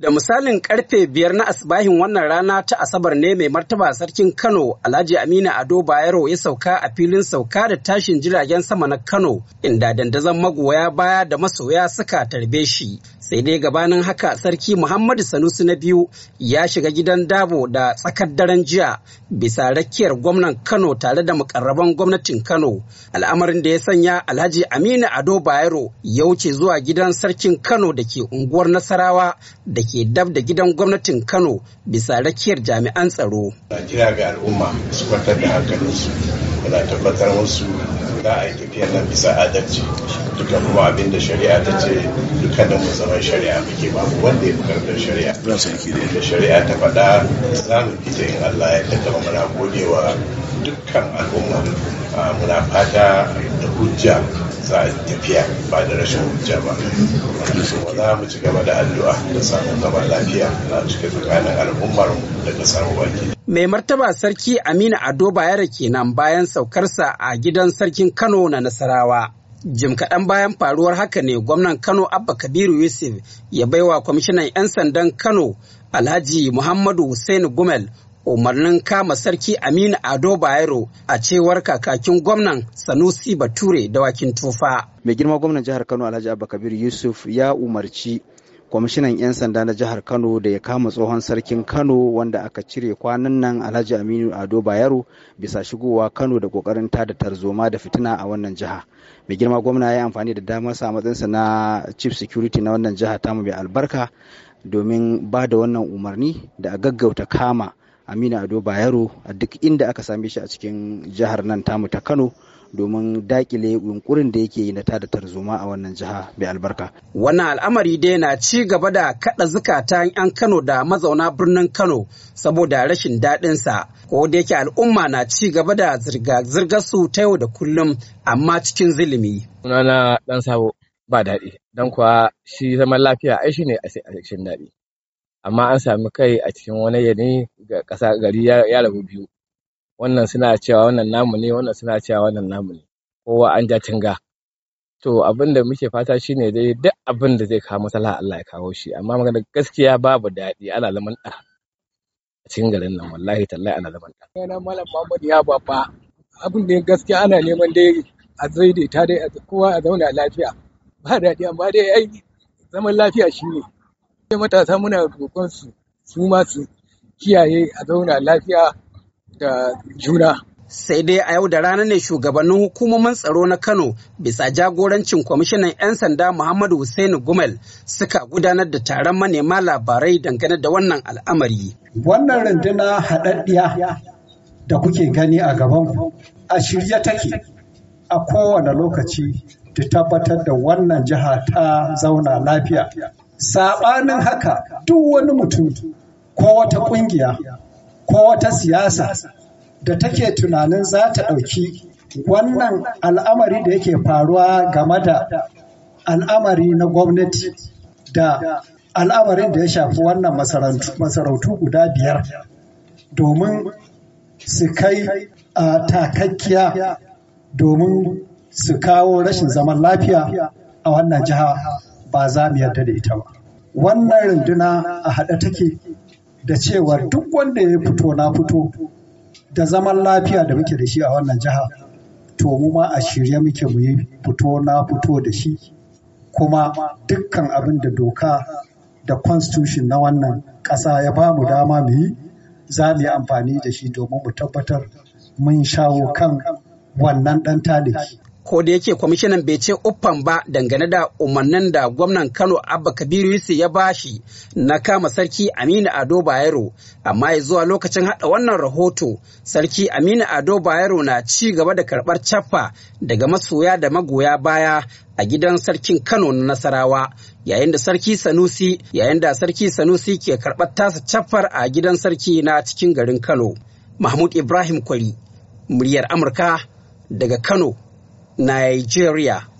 Da misalin karfe biyar na asibahin wannan rana ta Asabar ne mai martaba sarkin Kano Alhaji Aminu Ado Bayero ya sauka a filin sauka da tashin jiragen sama na Kano inda dandazon magoya baya da masoya suka tarbe shi sai dai gabanin haka sarki muhammadu sanusi na biyu ya shiga gidan dabo da tsakar daren jiya bisa rakiyar gwamnan kano tare da mukarraban gwamnatin kano al'amarin da ya sanya alhaji aminu ado bayero ya wuce zuwa gidan sarkin kano da ke unguwar nasarawa da ke dab da gidan gwamnatin kano bisa rakiyar jami'an tsaro. kira ga al'umma su kwatar da hankalinsu tabbatar musu za a yi tafiyar nan bisa adalci duka kuma abin da shari'a ta ce duka da zaman shari'a muke babu wanda ya fi da shari'a da shari'a ta faɗa za mu bi ta in Allah ya tattara muna godewa dukkan al'umma ah, muna fata hujja za a tafiya ba da rashin hujja ba za mu ci gaba da addu'a da samun lafiya na cikin tsakanin al'ummar da kasar baki mai martaba sarki aminu ado bayero kenan bayan saukarsa a gidan sarkin kano na nasarawa jim kaɗan bayan faruwar haka ne gwamnan kano abba kabiru yusuf ya baiwa kwamishinan 'yan sandan kano alhaji muhammadu hussein gumel umarnin kama sarki aminu ado bayero a cewar kakakin gwamnan sanusi bature da wakin tufa mai girma gwamnan jihar kano alhaji abba kabir yusuf ya umarci kwamishinan 'yan sanda na jihar kano da ya kama tsohon sarkin kano wanda aka cire kwanan nan alhaji aminu ado bayero bisa shigowa kano da kokarin tada tarzoma da fitina a wannan jiha mai girma gwamna ya amfani da damar sa matsayinsa na chief security na wannan jiha tamu mai albarka domin ba da wannan umarni da a gaggauta kama aminu ado bayero a duk inda aka same shi a cikin jihar nan tamu ta kano domin dakile yunkurin da yake yi na tada tarzoma a wannan jiha mai albarka. Wannan al'amari dai na ci gaba da kaɗa zukata 'yan Kano da mazauna birnin Kano saboda rashin daɗin sa. Ko da yake al'umma na ci gaba da zirga-zirgar su ta yau da kullum amma cikin zilimi. Sunana dan sabo ba daɗi, don kuwa shi zaman lafiya ai shi ne a daɗi. amma an sami kai a cikin wani yanayi ga ƙasa gari ya rabu biyu wannan suna cewa wannan namu ne wannan suna cewa wannan namu ne kowa an ja tinga to abin da muke fata shine dai duk abin da zai kawo matsala Allah ya kawo shi amma magana gaskiya babu daɗi ana zaman ɗa a cikin garin nan wallahi tallahi ana zaman ɗa yana malam Muhammad ya babba abin da gaskiya ana neman dai a daidaita dai kowa a zauna lafiya ba daɗi amma dai ai zaman lafiya shine matasa muna roƙon su su ma su kiyaye a zauna lafiya da juna. sai dai a yau da rana ne shugabannin hukumomin tsaro na kano bisa jagorancin kwamishinan 'yan sanda muhammadu hussaini gumel suka gudanar da taron manema labarai dangane da wannan al'amari wannan runduna haɗaɗɗiya da kuke gani a gaban a shirye take a kowane lokaci da tabbatar da wannan jiha ta zauna lafiya saɓanin haka duk wani mutum ko wata ƙungiya ko wata siyasa da take tunanin za ta ɗauki wannan al'amari da yake faruwa game da al'amari na gwamnati da al'amarin da ya shafi wannan masarautu guda biyar domin su kai a takakkiya domin su kawo rashin zaman lafiya a wannan jiha ba za mu yarda da ita ba wannan runduna a haɗa take da cewa duk wanda ya fito na fito da zaman lafiya da muke da shi a wannan jiha to mu ma a shirye muke mu yi fito na fito da shi kuma dukkan abin da doka da constitution na wannan ƙasa ya ba mu dama mu yi za mu yi amfani da shi domin mu tabbatar mun shawo kan wannan ɗan taliki. ko da yake kwamishinan bai ce uffan ba dangane da umarnin da gwamnan kano abba kabiru yusuf ya bashi na kama sarki aminu ado bayero amma ya zuwa lokacin hada wannan rahoto sarki aminu ado bayero na ci gaba da karbar caffa daga masoya da magoya baya a gidan sarkin kano na nasarawa yayin da sarki sanusi yayin da sarki sanusi ke karbar tasa caffar a gidan sarki na cikin garin kano mahmud ibrahim kwari muryar amurka daga kano Nigeria